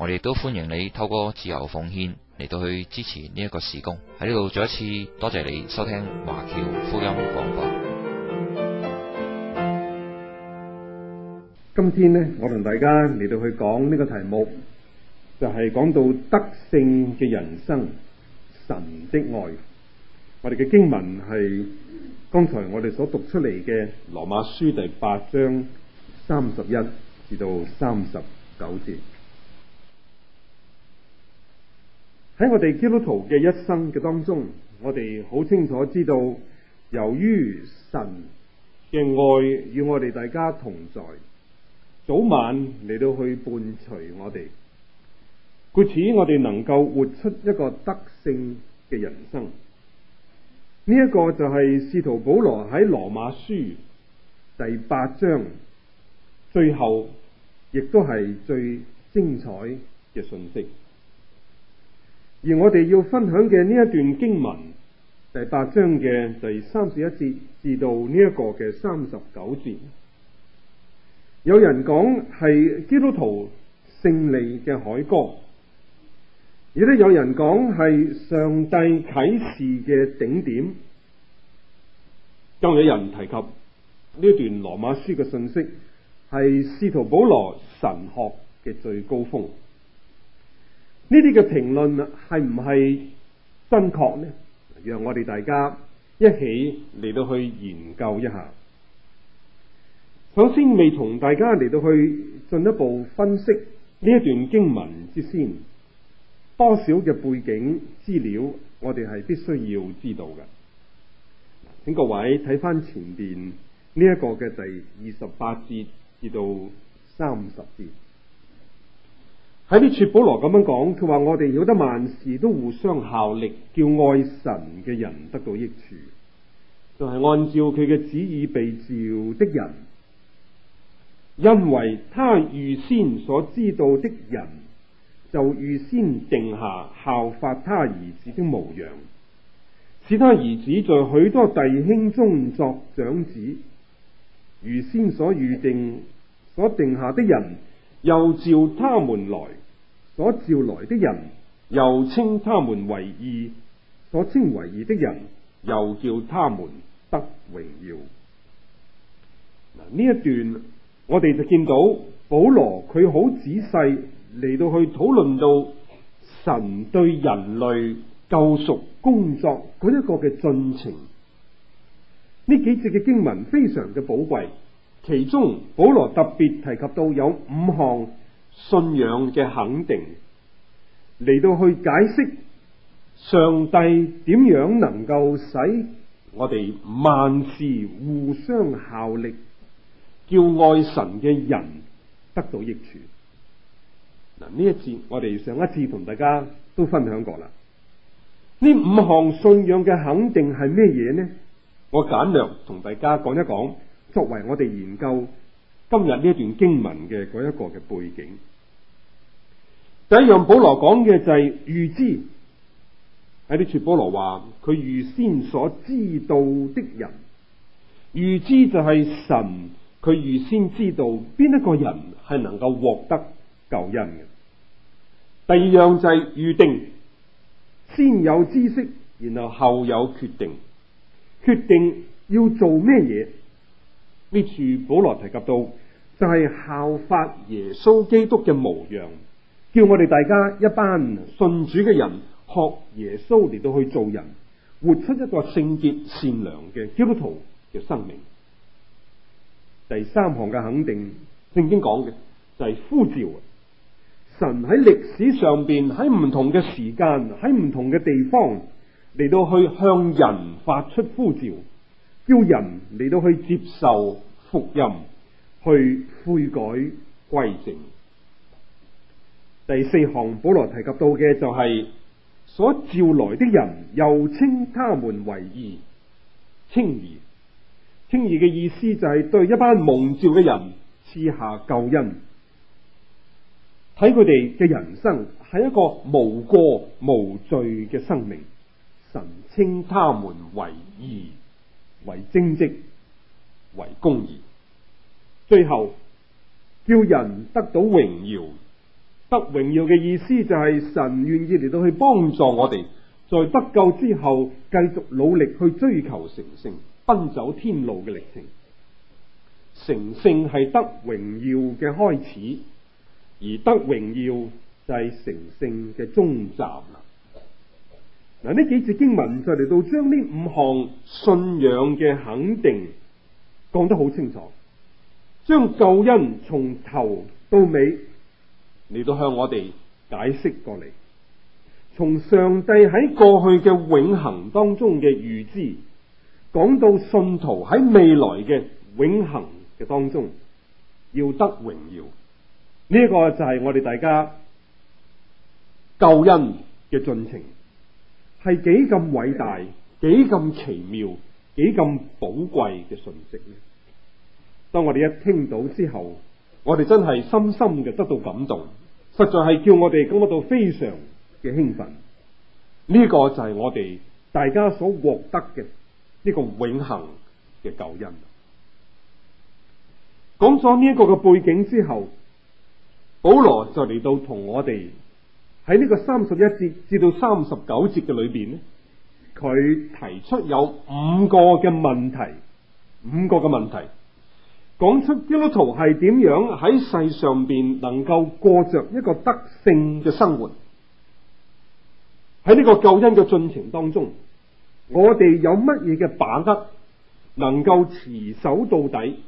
我哋都歡迎你透過自由奉獻嚟到去支持呢一個事工喺呢度。再一次多謝你收聽華僑福音廣播。今天呢，我同大家嚟到去講呢個題目，就係、是、講到得勝嘅人生，神的愛。我哋嘅經文係剛才我哋所讀出嚟嘅《羅馬書》第八章三十一至到三十九節。喺我哋基督徒嘅一生嘅當中，我哋好清楚知道，由於神嘅愛與我哋大家同在，早晚嚟到去伴隨我哋，故此我哋能夠活出一個得勝嘅人生。呢、這、一個就係使徒保羅喺羅馬書第八章最後亦都係最精彩嘅信息。而我哋要分享嘅呢一段經文，第八章嘅第三十一節至到呢一個嘅三十九節，有人講係基督徒勝利嘅凱歌，亦都有人講係上帝啟示嘅頂點。今日有人提及呢段羅馬書嘅信息，係使徒保羅神學嘅最高峰。呢啲嘅評論係唔係真確呢？讓我哋大家一起嚟到去研究一下。首先未同大家嚟到去進一步分析呢一段經文之先，多少嘅背景資料我哋係必須要知道嘅。請各位睇返前面呢一個嘅第二十八節至到三十節。喺啲切保羅咁樣講，佢話我哋曉得萬事都互相效力，叫愛神嘅人得到益處，就係按照佢嘅旨意被召的人，因為他預先所知道的人，就預先定下效法他兒子的模樣，使他兒子在許多弟兄中作長子，預先所預定所定下的人，又召他們來。嗱，所召來的人，又稱他們為義，所稱為義的人，又叫他們得榮耀。呢一段我哋就見到保羅佢好仔細嚟到去討論到神對人類救贖工作嗰一個嘅進程。呢幾節嘅經文非常嘅寶貴，其中保羅特別提及到有五項。信仰嘅肯定嚟到去解釋上帝點樣能夠使我哋萬事互相效力，叫愛神嘅人得到益處。嗱，呢一節我哋上一次同大家都分享過啦。呢五項信仰嘅肯定係咩嘢呢？我簡略同大家講一講，作為我哋研究。今日呢一段經文嘅嗰一個嘅背景，第一樣保羅講嘅就係預知，喺呢處保羅話佢預先所知道的人，預知就係神佢預先知道邊一個人係能夠獲得救恩嘅。第二樣就係預定，先有知識，然後後有決定，決定要做咩嘢？呢處保羅提及到，就係效法耶穌基督嘅模樣，叫我哋大家一班信主嘅人學耶穌嚟到去做人，活出一個聖潔善良嘅基督徒嘅生命。第三項嘅肯定，聖經講嘅就係呼召，神喺歷史上邊喺唔同嘅時間喺唔同嘅地方嚟到去向人發出呼召，叫人嚟到去接受福音，去悔改歸正。第四行保羅提及到嘅就係所召來的人，又稱他們為義、稱義、稱義嘅意思就係對一班蒙召嘅人賜下救恩，睇佢哋嘅人生係一個無過無罪嘅生命，神稱他們為義、為正直、為公義。最後叫人得到榮耀，得榮耀嘅意思就係神願意嚟到去幫助我哋，在得救之後繼續努力去追求成聖，奔走天路嘅歷程。成聖係得榮耀嘅開始，而得榮耀就係成聖嘅終站啦。嗱，呢幾節經文就嚟到將呢五項信仰嘅肯定講得好清楚。將救恩從頭到尾，你都向我哋解釋過嚟，從上帝喺過去嘅永恆當中嘅預知，講到信徒喺未來嘅永恆嘅當中要得榮耀，呢個就係我哋大家救恩嘅進程，係幾咁偉大、幾咁奇妙、幾咁寶貴嘅信息呢。當我哋一聽到之後，我哋真係深深嘅得到感動，實在係叫我哋感覺到非常嘅興奮。呢個就係我哋大家所獲得嘅呢個永恒嘅救恩。講咗呢一個嘅背景之後，保羅就嚟到同我哋喺呢個三十一節至到三十九節嘅裏邊咧，佢提出有五個嘅問題，五個嘅問題。講出基督徒係點樣喺世上邊能夠過着一個得勝嘅生活？喺呢個救恩嘅進程當中，我哋有乜嘢嘅把握能夠持守到底，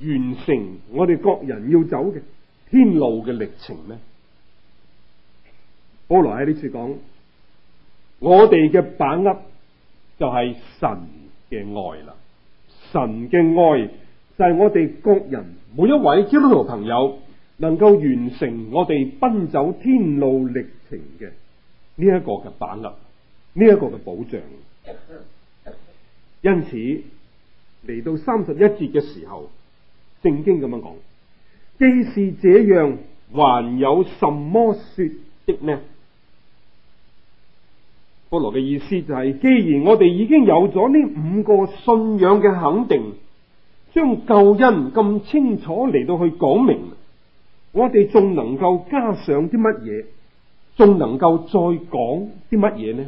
完成我哋各人要走嘅天路嘅歷程呢？保羅喺呢次講，我哋嘅把握就係神嘅愛啦，神嘅愛。就係我哋各人每一位基督徒朋友能夠完成我哋奔走天路歷程嘅呢一個嘅把握，呢、這、一個嘅保障。因此嚟到三十一節嘅時候，聖經咁樣講，既是這樣，還有什麼說的呢？保羅嘅意思就係、是，既然我哋已經有咗呢五個信仰嘅肯定。將救恩咁清楚嚟到去講明，我哋仲能夠加上啲乜嘢？仲能夠再講啲乜嘢呢？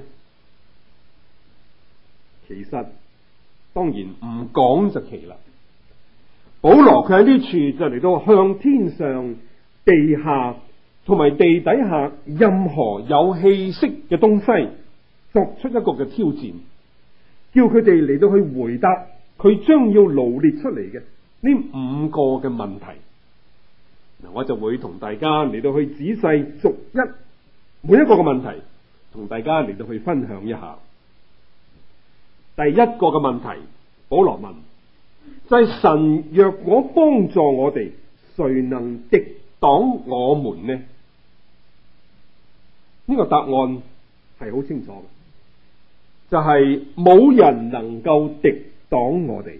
其實當然唔講就奇啦。保羅佢喺呢處就嚟到向天上、地下同埋地底下任何有氣息嘅東西作出一個嘅挑戰，叫佢哋嚟到去回答。佢將要羅列出嚟嘅呢五個嘅問題，嗱，我就會同大家嚟到去仔細逐一每一個嘅問題，同大家嚟到去分享一下。第一個嘅問題，保羅問：就係神若果幫助我哋，誰能敵擋我們呢？呢個答案係好清楚嘅，就係冇人能夠敵擋我哋。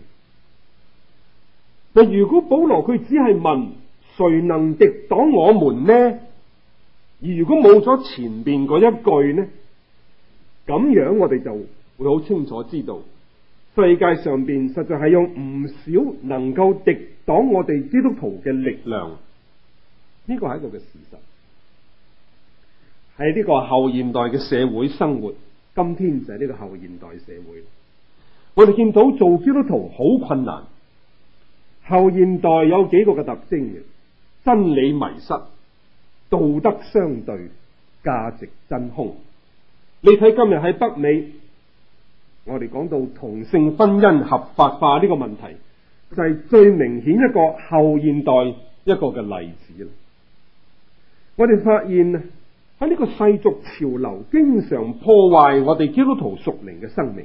但如果保羅佢只係問誰能敵擋我們呢，而如果冇咗前邊嗰一句呢？咁樣我哋就會好清楚知道，世界上邊實在係有唔少能夠敵擋我哋基督徒嘅力，力量。呢個係一個嘅事實，係呢個後現代嘅社會生活。今天就係呢個後現代社會。我哋見到做基督徒好困難，後現代有幾個嘅特徵嘅：真理迷失、道德相對、價值真空。你睇今日喺北美，我哋講到同性婚姻合法化呢個問題，就係最明顯一個後現代一個嘅例子啦。我哋發現喺呢個世俗潮流，經常破壞我哋基督徒屬靈嘅生命。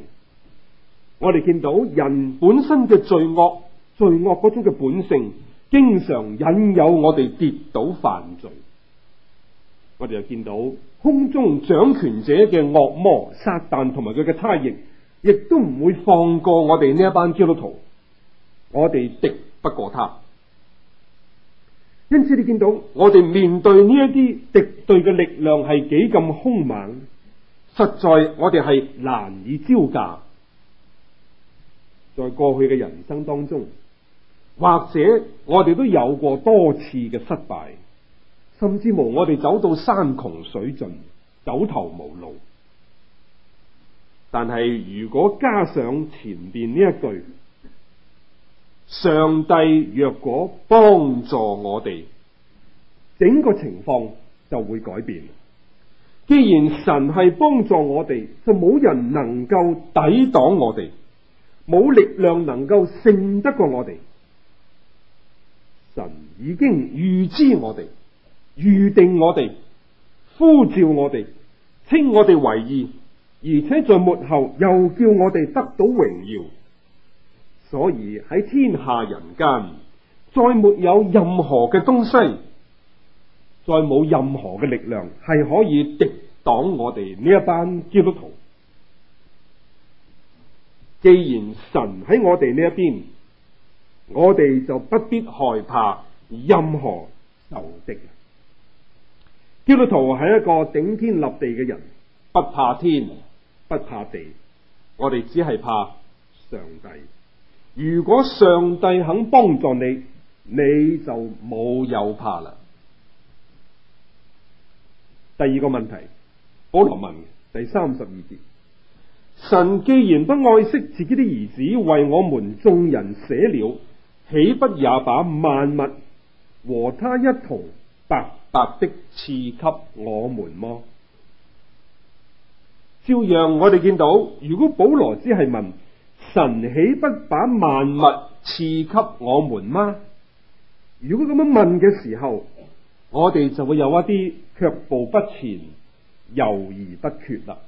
我哋見到人本身嘅罪惡、罪惡嗰種嘅本性，經常引誘我哋跌倒犯罪。我哋又見到空中掌權者嘅惡魔撒旦同埋佢嘅差役，亦都唔會放過我哋呢一班基督徒。我哋敵不過他，因此你見到我哋面對呢一啲敵對嘅力量係幾咁兇猛，實在我哋係難以招架。在過去嘅人生當中，或者我哋都有過多次嘅失敗，甚至無我哋走到山窮水盡、走投無路。但係如果加上前面呢一句，上帝若果幫助我哋，整個情況就會改變。既然神係幫助我哋，就冇人能夠抵擋我哋。冇力量能夠勝得過我哋，神已經預知我哋，預定我哋，呼召我哋，稱我哋為義，而且在末後又叫我哋得到榮耀。所以喺天下人間，再沒有任何嘅東西，再冇任何嘅力量係可以敵擋我哋呢一班基督徒。既然神喺我哋呢一邊，我哋就不必害怕任何仇敵。基督徒係一個頂天立地嘅人，不怕天，不怕地，我哋只係怕上帝。如果上帝肯幫助你，你就冇有怕啦。第二個問題，保羅問嘅，第三十二節。神既然不愛惜自己的兒子，為我們眾人捨了，豈不也把萬物和他一同白白的賜給我們麼？照樣我哋見到，如果保羅只係問神，豈不把萬物賜給我們嗎？如果咁樣問嘅時候，我哋就會有一啲卻步不前，猶豫不決啦。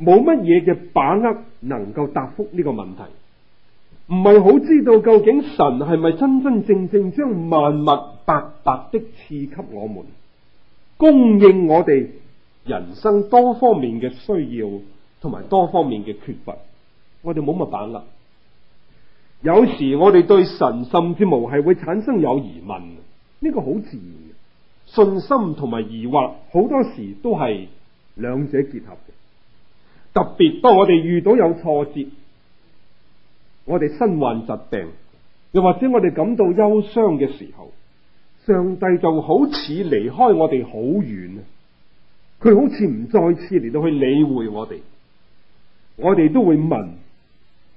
冇乜嘢嘅把握能夠答覆呢個問題唔係好知道究竟神係咪真真正正將萬物白白的賜給我們，供應我哋人生多方面嘅需要，同埋多方面嘅缺乏。我哋冇乜把握。有時我哋對神甚至無係會產生有疑問，呢、這個好自然的，信心同埋疑惑好多時都係兩者結合嘅。特別當我哋遇到有挫折，我哋身患疾病，又或者我哋感到憂傷嘅時候，上帝就好似離開我哋好遠，佢好似唔再次嚟到去理會我哋，我哋都會問：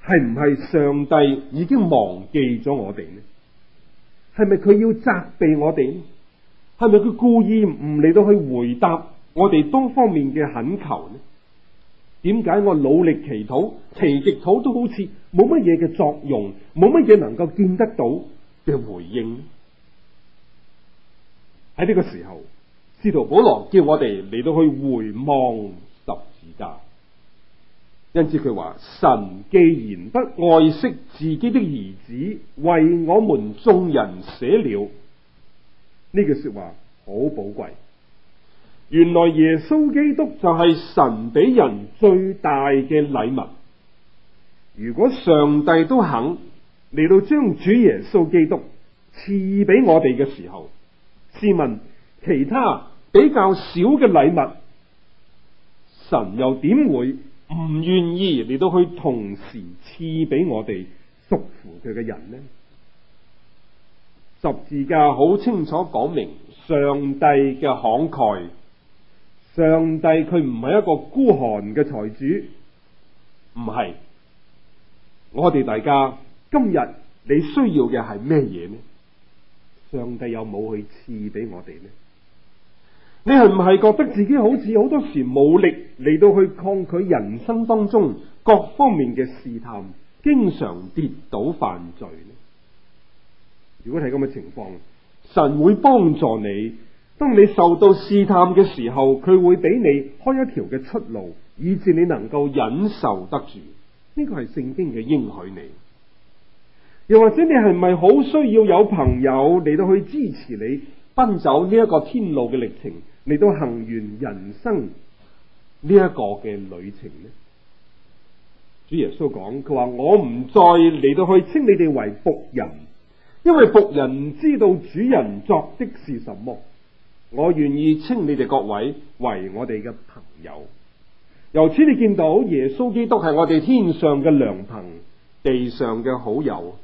係唔係上帝已經忘記咗我哋呢？係咪佢要責備我哋？係咪佢故意唔嚟到去回答我哋多方面嘅懇求呢？點解我努力祈禱，祈極禱都好似冇乜嘢嘅作用，冇乜嘢能夠見得到嘅回應？喺呢個時候，使徒保羅叫我哋嚟到去回望十字架。因此佢話：神既然不愛惜自己的兒子，為我們眾人捨了呢句，這個，說話，好寶貴。原來耶穌基督就係神俾人最大嘅禮物。如果上帝都肯嚟到將主耶穌基督賜俾我哋嘅時候，試問其他比較少嘅禮物，神又點會唔願意嚟到去同時賜俾我哋屬乎佢嘅人呢？十字架好清楚講明上帝嘅慷慨。上帝佢唔係一個孤寒嘅財主，唔係。我哋大家今日你需要嘅係咩嘢呢？上帝有冇去賜俾我哋呢？你係唔係覺得自己好似好多時冇力嚟到去抗拒人生當中各方面嘅試探，經常跌倒犯罪呢？如果係咁嘅情況，神會幫助你。當你受到試探嘅時候，佢會俾你開一條嘅出路，以至你能夠忍受得住。呢個係聖經嘅應許。你又或者你係咪好需要有朋友嚟到去支持你奔走呢一個天路嘅歷程？嚟到行完人生呢一個嘅旅程呢？主耶穌講佢話：我唔再嚟到去稱你哋為僕人，因為僕人唔知道主人作的是什麼。我願意稱你哋各位為我哋嘅朋友，由此你見到耶穌基督係我哋天上嘅良朋，地上嘅好友，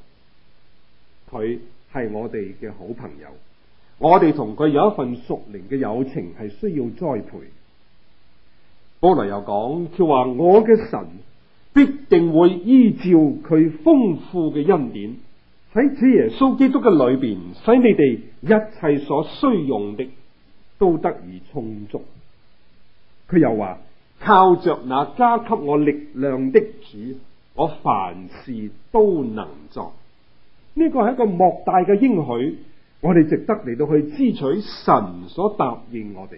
佢係我哋嘅好朋友。我哋同佢有一份熟齡嘅友情，係需要栽培。保羅又講，佢話我嘅神必定會依照佢豐富嘅恩典，喺此耶穌基督嘅裏邊，使你哋一切所需用的，都得以充足。佢又話：靠着那加給我力量的主，我凡事都能作。呢個係一個莫大嘅應許，我哋值得嚟到去支取神所答應我哋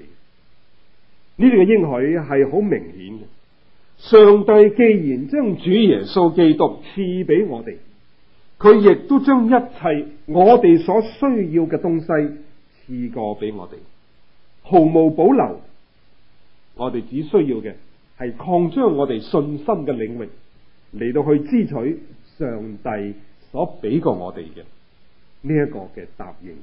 呢啲嘅應許，係好明顯嘅。上帝既然將主耶穌基督賜俾我哋，佢亦都將一切我哋所需要嘅東西賜過俾我哋。毫無保留，我哋只需要嘅係擴張我哋信心嘅領域嚟到去支取上帝所俾過我哋嘅呢一個嘅答應。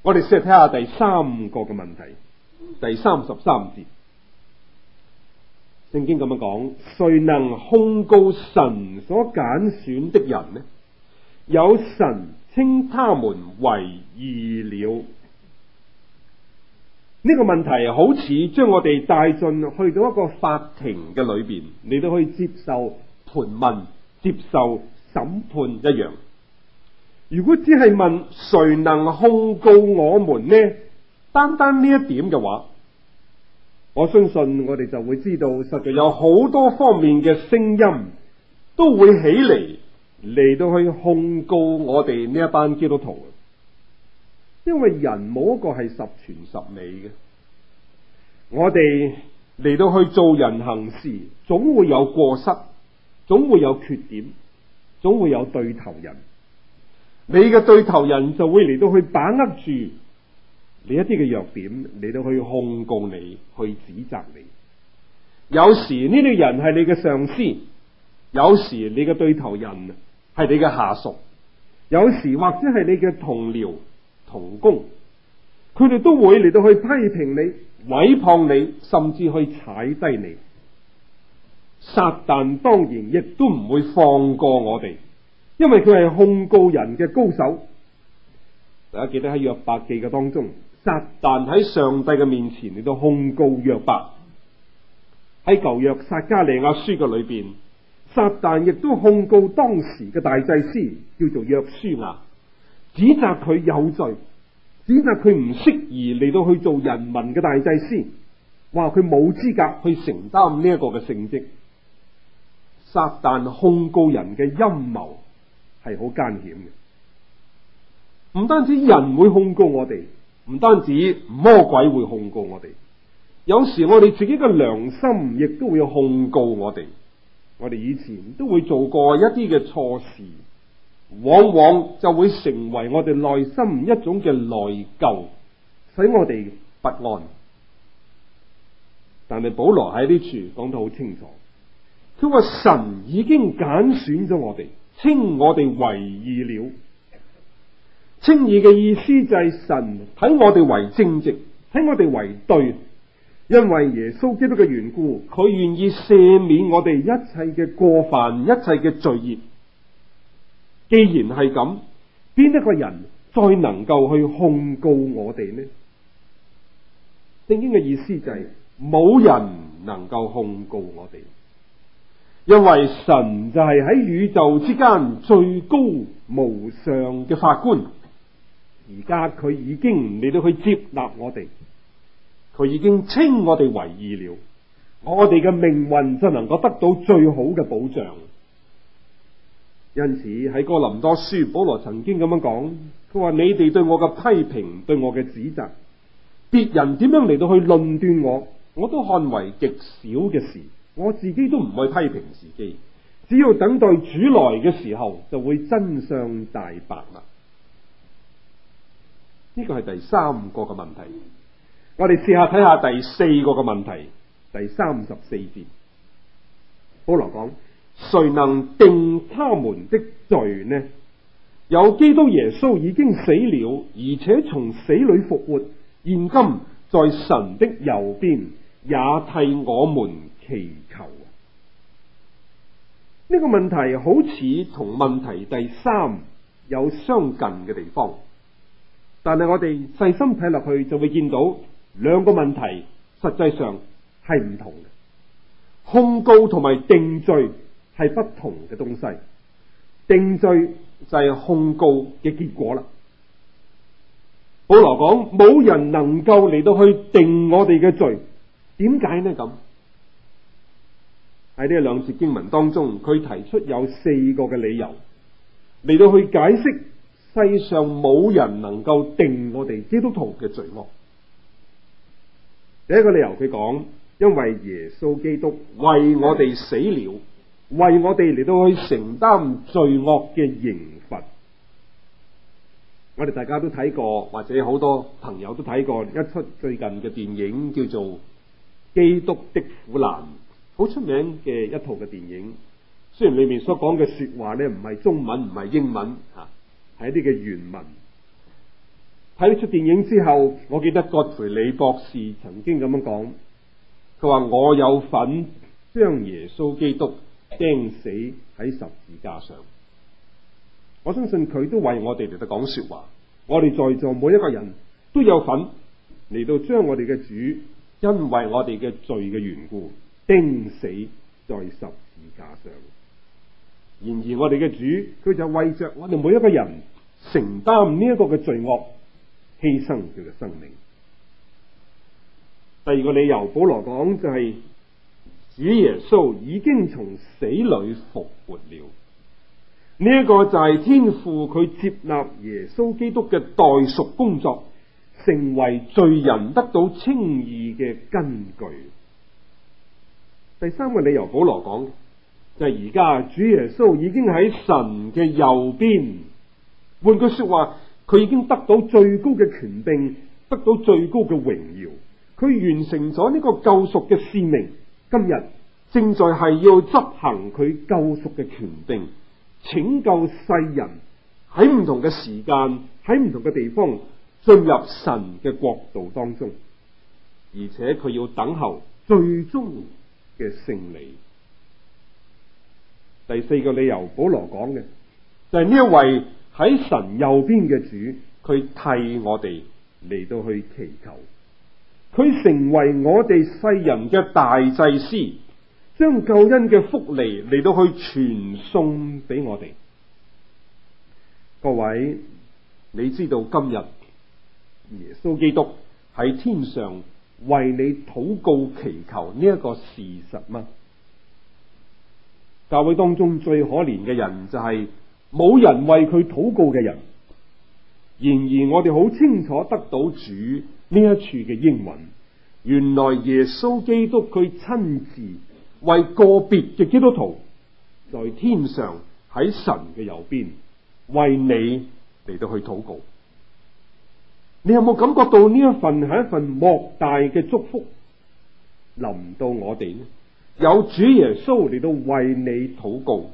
我哋先嚟睇下第三個嘅問題，第三十三節聖經咁樣講：誰能控告神所揀選的人呢？有神稱他們為義了。呢個問題好似將我哋帶進去到一個法庭嘅裏邊，你都可以接受盤問、接受審判一樣。如果只係問誰能控告我們呢？單單呢一點嘅話，我相信我哋就會知道，實在有好多方面嘅聲音都會起嚟，嚟到去控告我哋呢一班基督徒。因為人冇一個係十全十美嘅，我哋嚟到去做人行事，總會有過失，總會有缺點，總會有對頭人。你嘅對頭人就會嚟到去把握住你一啲嘅弱點，嚟到去控告你，去指責你。有時呢啲人係你嘅上司，有時你嘅對頭人係你嘅下屬，有時或者係你嘅同僚。同工，佢哋都會嚟到去批評你、毀謗你，甚至去踩低你。撒但當然亦都唔會放過我哋，因為佢係控告人嘅高手。大家記得喺約伯記嘅當中，撒但喺上帝嘅面前嚟到控告約伯。喺舊約撒迦利亞書嘅裏邊，撒但亦都控告當時嘅大祭司，叫做約書亞。指責佢有罪，指責佢唔適宜嚟到去做人民嘅大祭司，話佢冇資格去承擔呢一個嘅聖職。撒但控告人嘅陰謀係好艱險嘅，唔單止人會控告我哋，唔單止魔鬼會控告我哋，有時我哋自己嘅良心亦都會控告我哋。我哋以前都會做過一啲嘅錯事。往往就會成為我哋內心一種嘅內疚，使我哋不安。但係保羅喺呢處講得好清楚，佢話神已經揀選咗我哋，稱我哋為義了。稱義嘅意思就係神睇我哋為正直，睇我哋為對，因為耶穌基督嘅緣故，佢願意赦免我哋一切嘅過犯，一切嘅罪孽。既然係咁，邊一個人再能夠去控告我哋呢？聖經嘅意思就係、是、冇人能夠控告我哋，因為神就係喺宇宙之間最高無上嘅法官。而家佢已經嚟到去接納我哋，佢已經稱我哋為義了，我哋嘅命運就能夠得到最好嘅保障。因此喺《哥林多書》，保羅曾經咁樣講，佢話：你哋對我嘅批評，對我嘅指責，別人點樣嚟到去論斷我，我都看為極少嘅事，我自己都唔會批評自己，只要等待主來嘅時候，就會真相大白啦。呢個係第三個嘅問題，我哋試下睇下第四個嘅問題，第三十四節，保羅講。誰能定他們的罪呢？有基督耶穌已經死了，而且從死裏復活，現今在神的右邊，也替我們祈求。呢個問題好似同問題第三有相近嘅地方，但係我哋細心睇落去，就會見到兩個問題實際上係唔同嘅：控告同埋定罪。係不同嘅東西，定罪就係控告嘅結果啦。保羅講冇人能夠嚟到去定我哋嘅罪，點解呢？咁喺呢兩節經文當中，佢提出有四個嘅理由嚟到去解釋世上冇人能夠定我哋基督徒嘅罪惡。第一個理由，佢講因為耶穌基督為我哋死了。為我哋嚟到去承擔罪惡嘅刑罰，我哋大家都睇過，或者好多朋友都睇過一出最近嘅電影，叫做《基督的苦難》，好出名嘅一套嘅電影。雖然裏面所講嘅說話呢唔係中文，唔係英文，吓係一啲嘅原文。睇咗出電影之後，我記得葛培理博士曾經咁樣講，佢話：我有份將耶穌基督。釘死喺十字架上，我相信佢都為我哋嚟到講說話。我哋在座每一個人都有份嚟到將我哋嘅主，因為我哋嘅罪嘅緣故，釘死在十字架上。然而我哋嘅主，佢就為着我哋每一個人承擔呢一個嘅罪惡，犧牲佢嘅生命。第二個理由，保羅講就係。主耶穌已經從死裏復活了，呢一個就係天父佢接納耶穌基督嘅代贖工作，成為罪人得到稱義嘅根據。第三個理由，保羅講就係而家主耶穌已經喺神嘅右邊，換句說話，佢已經得到最高嘅權柄，得到最高嘅榮耀，佢完成咗呢個救贖嘅使命。今日正在係要執行佢救贖嘅權柄，拯救世人喺唔同嘅時間喺唔同嘅地方進入神嘅國度當中，而且佢要等候最終嘅勝利。第四個理由保羅說的，保羅講嘅就係、是、呢一位喺神右邊嘅主，佢替我哋嚟到去祈求。佢成為我哋世人嘅大祭司，將救恩嘅福利嚟到去傳送俾我哋。各位，你知道今日耶穌基督喺天上為你禱告祈求呢一個事實嗎？教會當中最可憐嘅人就係冇人為佢禱告嘅人。然而我哋好清楚得到主呢一處嘅應允，原來耶穌基督佢親自為個別嘅基督徒在天上喺神嘅右邊為你嚟到去禱告。你有冇感覺到呢一份係一份莫大嘅祝福臨到我哋呢？有主耶穌嚟到為你禱告，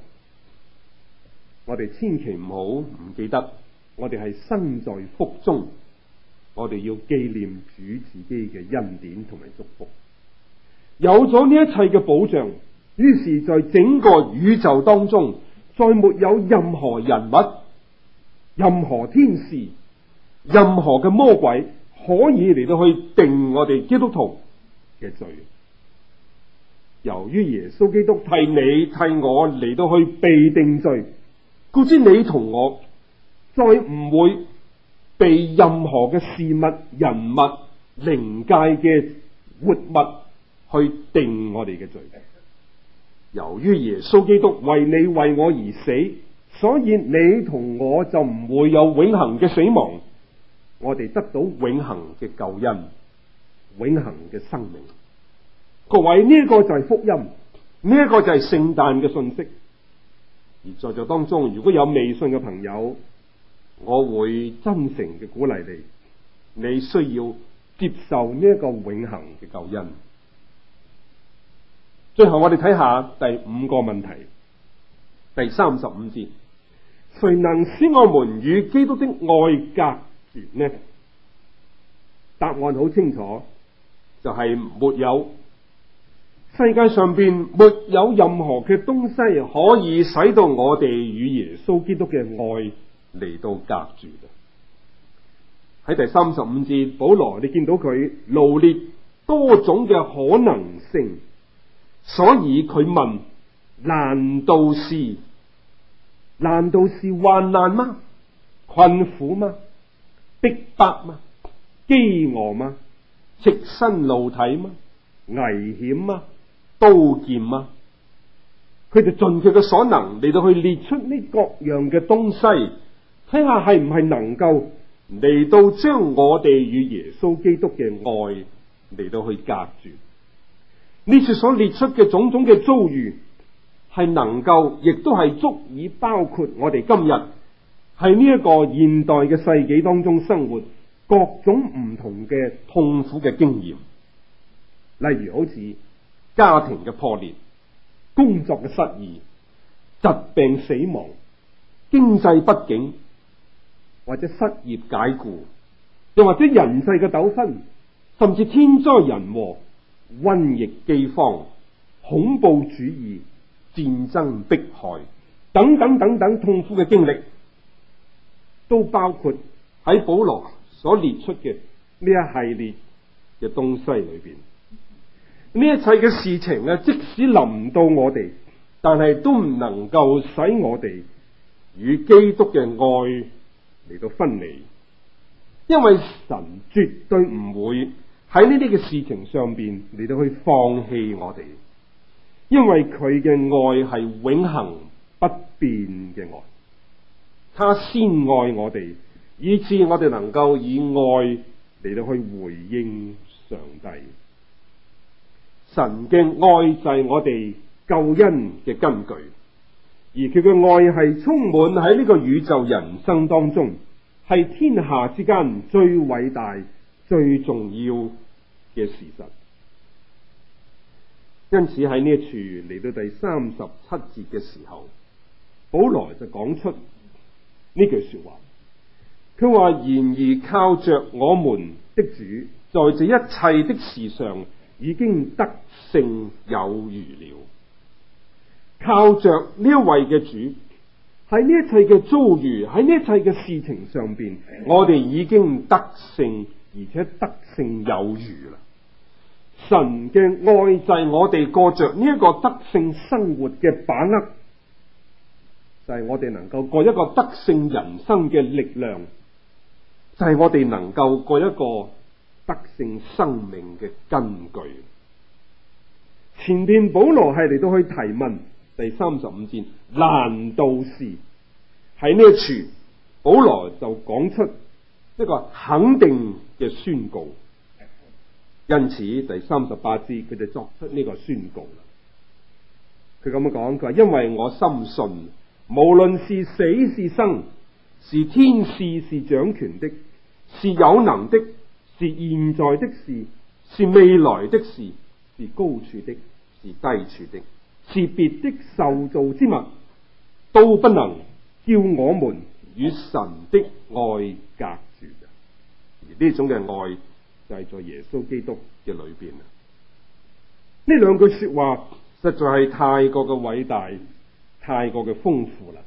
我哋千祈唔好唔記得。我哋係身在福中，我哋要紀念主自己嘅恩典同埋祝福。有咗呢一切嘅保障，於是在整個宇宙當中，再沒有任何人物、任何天使、任何嘅魔鬼可以嚟到去定我哋基督徒嘅罪。由於耶穌基督替你替我嚟到去被定罪，故此你同我。再唔會被任何嘅事物、人物、靈界嘅活物去定我哋嘅罪。由於耶穌基督為你為我而死，所以你同我就唔會有永恆嘅死亡。我哋得到永恆嘅救恩、永恆嘅生命。各位，呢個就係福音，呢個就係聖誕嘅信息。而在座當中，如果有微信嘅朋友。我會真誠嘅鼓勵你，你需要接受呢一個永恆嘅救恩。最後，我哋睇下第五個問題，第三十五節，誰能使我們與基督的愛隔絕呢？答案好清楚，就係沒有世界上邊沒有任何嘅東西可以使到我哋與耶穌基督嘅愛。嚟到隔住喺第三十五節，保羅你見到佢羅列多種嘅可能性，所以佢問：難道是難道是患難嗎？困苦嗎？逼迫嗎？饑餓嗎？赤身露體嗎？危險嗎？刀劍嗎？佢就盡佢嘅所能嚟到去列出呢各樣嘅東西。睇下係唔係能夠嚟到將我哋與耶穌基督嘅愛嚟到去隔絕？呢次所列出嘅種種嘅遭遇，係能夠，亦都係足以包括我哋今日喺呢一個現代嘅世紀當中生活各種唔同嘅痛苦嘅經驗，例如好似家庭嘅破裂、工作嘅失意、疾病死亡、經濟不景。或者失業解雇，又或者人世嘅糾紛，甚至天災人禍、瘟疫饑荒、恐怖主義、戰爭迫害，等等等等痛苦嘅經歷，都包括喺保羅所列出嘅呢一系列嘅東西裏邊。呢一切嘅事情即使臨唔到我哋，但係都唔能夠使我哋與基督嘅愛。嚟到分離，因為神絕對唔會喺呢啲嘅事情上邊嚟到去放棄我哋，因為佢嘅愛係永恒不變嘅愛，他先愛我哋，以致我哋能夠以愛嚟到去回應上帝，神嘅愛就係我哋救恩嘅根據。而佢嘅愛係充滿喺呢個宇宙人生當中，係天下之間最偉大、最重要嘅事實。因此喺呢一處嚟到第三十七節嘅時候，保羅就講出呢句說話。佢話：然而靠著我們的主，在這一切的事上，已經得勝有餘了。靠着呢一位嘅主，喺呢一切嘅遭遇，喺呢一切嘅事情上邊，我哋已經得勝，而且得勝有餘啦。神嘅愛就係我哋過着呢一個得勝生活嘅把握，就係、是，我哋能夠過一個得勝人生嘅力量，就係、是，我哋能夠過一個得勝生命嘅根據。前邊保羅係嚟到去提問。第三十五節，難道是喺呢一處？保羅就講出一個肯定嘅宣告。因此第三十八節佢就作出呢個宣告。佢咁樣講，佢話，因為我深信，無論是死是生，是天使是掌權的，是有能的，是現在的事，是未來的事，是高處的，是低處的。是別的受造之物都不能叫我們與神的愛隔絕，而呢種嘅愛就係在耶穌基督嘅裏邊。呢兩句說話實在係太過嘅偉大、太過嘅豐富啦！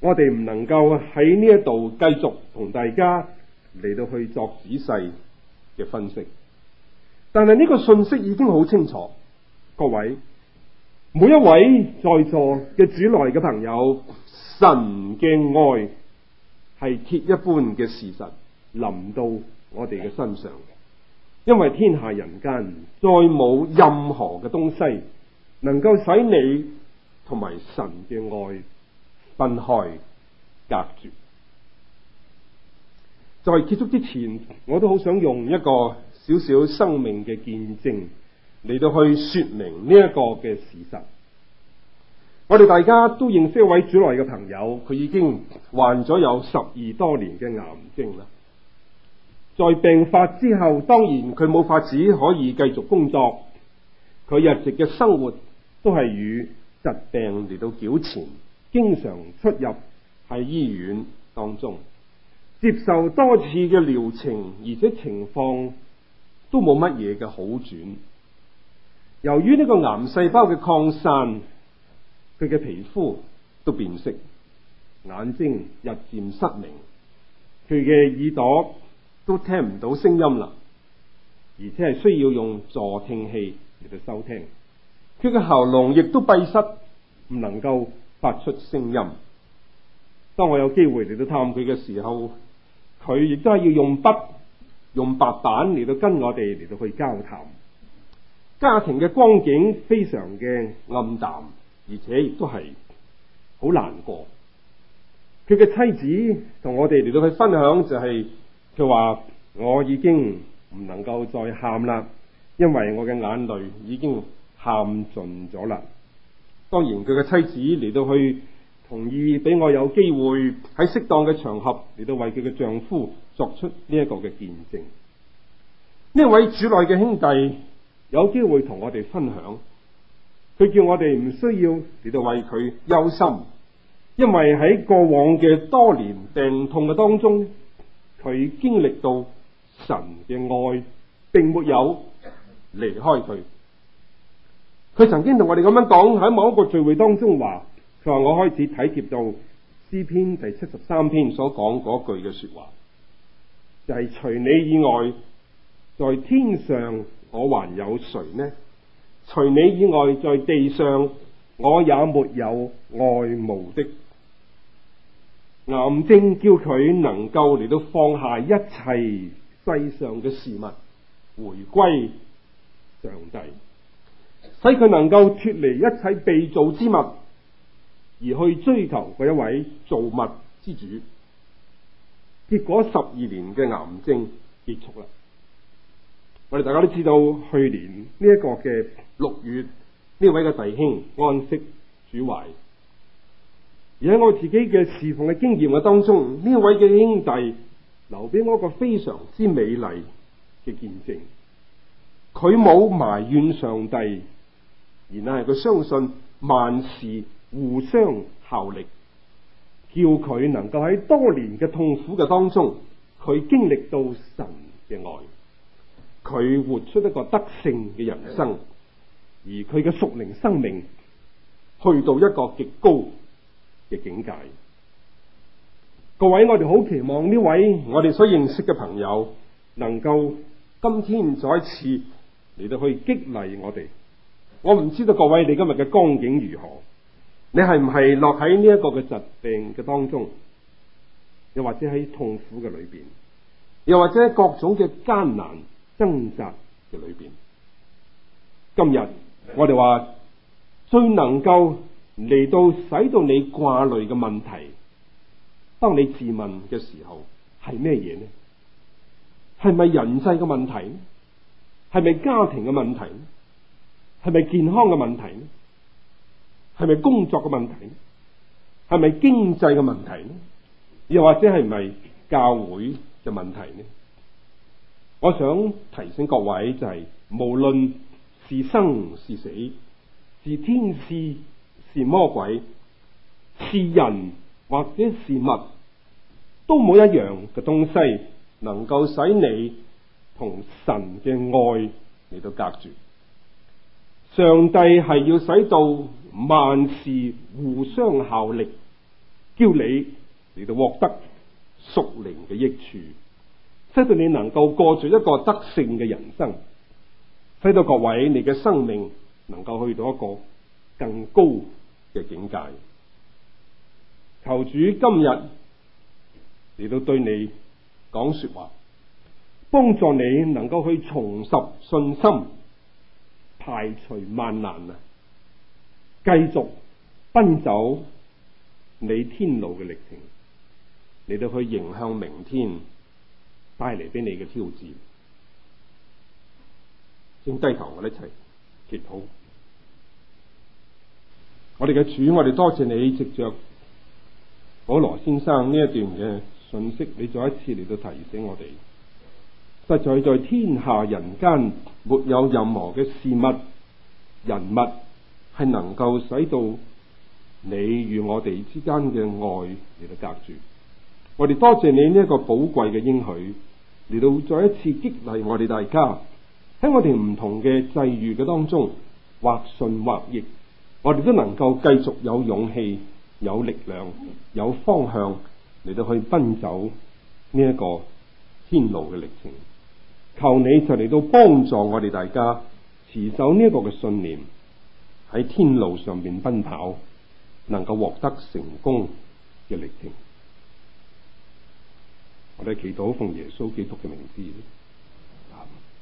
我哋唔能夠喺呢一度繼續同大家嚟到去作仔細嘅分析，但係呢個信息已經好清楚，各位。每一位在座嘅主內嘅朋友，神嘅愛係鐵一般嘅事實臨到我哋嘅身上的，因為天下人間再冇任何嘅東西能夠使你同埋神嘅愛分開隔絕。在結束之前，我都好想用一個少少生命嘅見證。嚟到去說明呢一個嘅事實，我哋大家都認識一位主內嘅朋友，佢已經患咗有十二多年嘅癌症啦。在病發之後，當然佢冇法子可以繼續工作，佢日直嘅生活都係與疾病嚟到糾纏，經常出入喺醫院當中，接受多次嘅療程，而且情況都冇乜嘢嘅好轉。由於呢個癌細胞嘅擴散，佢嘅皮膚都變色，眼睛日漸失明，佢嘅耳朵都聽唔到聲音啦，而且係需要用助聽器嚟到收聽，佢嘅喉嚨亦都閉塞，唔能夠發出聲音。當我有機會嚟到探佢嘅時候，佢亦都係要用筆、用白板嚟到跟我哋嚟到去交談。家庭嘅光景非常嘅暗淡，而且亦都係好難過。佢嘅妻子同我哋嚟到去分享、就是，就係佢話，我已經唔能夠再喊啦，因為我嘅眼淚已經喊盡咗啦。當然，佢嘅妻子嚟到去同意俾我有機會喺適當嘅場合嚟到為佢嘅丈夫作出呢一個嘅見證。呢位主內嘅兄弟，有機會同我哋分享，佢叫我哋唔需要嚟度為佢憂心，因為喺過往嘅多年病痛嘅當中，佢經歷到神嘅愛並沒有離開佢。佢曾經同我哋咁樣講，喺某一個聚會當中話：佢話我開始體貼到詩篇第七十三篇所講嗰句嘅說話，就係除你以外，在天上，我還有誰呢？除你以外，在地上我也沒有愛慕的。癌症叫佢能夠嚟到放下一切世上嘅事物，回歸上帝，使佢能夠脫離一切被造之物，而去追求嗰一位造物之主。結果十二年嘅癌症結束啦。我哋大家都知道，去年呢一個嘅六月，呢位嘅弟兄安息主懷。而喺我自己嘅侍奉嘅經驗嘅當中，呢位嘅兄弟留俾我一個非常之美麗嘅見證。佢冇埋怨上帝，而係佢相信萬事互相效力，叫佢能夠喺多年嘅痛苦嘅當中，佢經歷到神嘅愛。佢活出一個得勝嘅人生，而佢嘅屬靈生命去到一個極高嘅境界。各位，我哋好期望呢位我哋所認識嘅朋友，能夠今天再次嚟到去激勵我哋。我唔知道各位你今日嘅光景如何，你係唔係落喺呢一個嘅疾病嘅當中，又或者喺痛苦嘅裏邊，又或者各種嘅艱難。掙扎嘅裏邊，今日我哋話最能夠嚟到使到你掛慮嘅問題，當你自問嘅時候係咩嘢呢？係咪人世嘅問題呢？係咪家庭嘅問題呢？係咪健康嘅問題呢？係咪工作嘅問題呢？係咪經濟嘅問題呢？又或者係咪教會嘅問題呢？我想提醒各位，就是，就係無論是生是死，是天使是魔鬼，是人或者是物，都冇一樣嘅東西能夠使你同神嘅愛嚟到隔絕。上帝係要使到萬事互相效力，叫你嚟到獲得屬靈嘅益處。使到你能夠過住一個得勝嘅人生，睇到各位你嘅生命能夠去到一個更高嘅境界，求主今日嚟到對你講說話，幫助你能夠去重拾信心，排除萬難啊，繼續奔走你天路嘅歷程，嚟到去迎向明天。帶嚟俾你嘅挑戰，請低頭，我哋一齊祈禱。我哋嘅主，我哋多謝你藉着保羅先生呢一段嘅信息，你再一次嚟到提醒我哋，實在在天下人間沒有任何嘅事物、人物係能夠使到你與我哋之間嘅愛嚟到隔住。我哋多謝你呢一個寶貴嘅應許，嚟到再一次激勵我哋大家，喺我哋唔同嘅際遇嘅當中，或順或逆，我哋都能夠繼續有勇氣、有力量、有方向嚟到去奔走呢一個天路嘅歷程。求你就嚟到幫助我哋大家持守呢一個嘅信念，喺天路上面奔跑，能夠獲得成功嘅歷程。我哋祈禱，奉耶穌基督嘅名字。